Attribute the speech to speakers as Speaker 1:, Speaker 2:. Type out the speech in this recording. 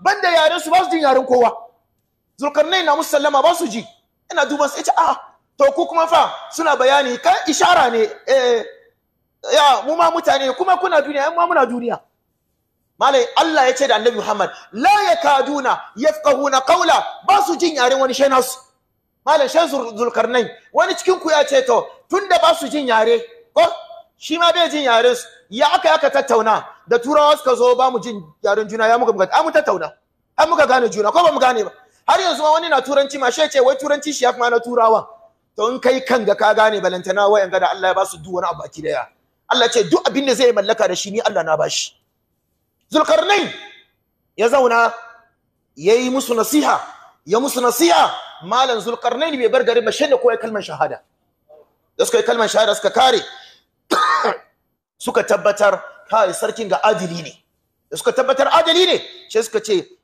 Speaker 1: banda yaren su ba su jin yaren kowa zulkarnain na musallama ba su ji ina duban sai ce a to ku kuma fa suna bayani kan ishara ne eh ya mu ma mutane kuma kuna duniya mu muna duniya malai Allah ya ce da Annabi Muhammad la yakaduna yafqahuna qawla ba su jin yaren wani shayna nasu malai shan zulkarnain wani cikin ku ya ce to tunda ba su jin yare ko shi ma bai jin yaren su ya aka aka tattauna da turawa suka zo ba mu jin yaren juna ya muka bukata mu tattauna an muka gane juna ko ba mu gane ba har yanzu ma wani na turanci ma shi ce wai turanci shi ya fi ma na turawa to in kai kan ga ka gane balantana wayan ga da Allah ya ba su duk wani abu baki daya Allah ce duk abin da zai mallaka da shi ni Allah na bashi Zulkarnain ya zauna ya yi musu nasiha ya musu nasiha malam Zulkarnain bai bar garin ba shi da koyi kalmar shahada da suka yi kalmar shahada suka kare suka tabbatar kai sarkin ga adili ne da suka tabbatar adili ne sai suka
Speaker 2: ce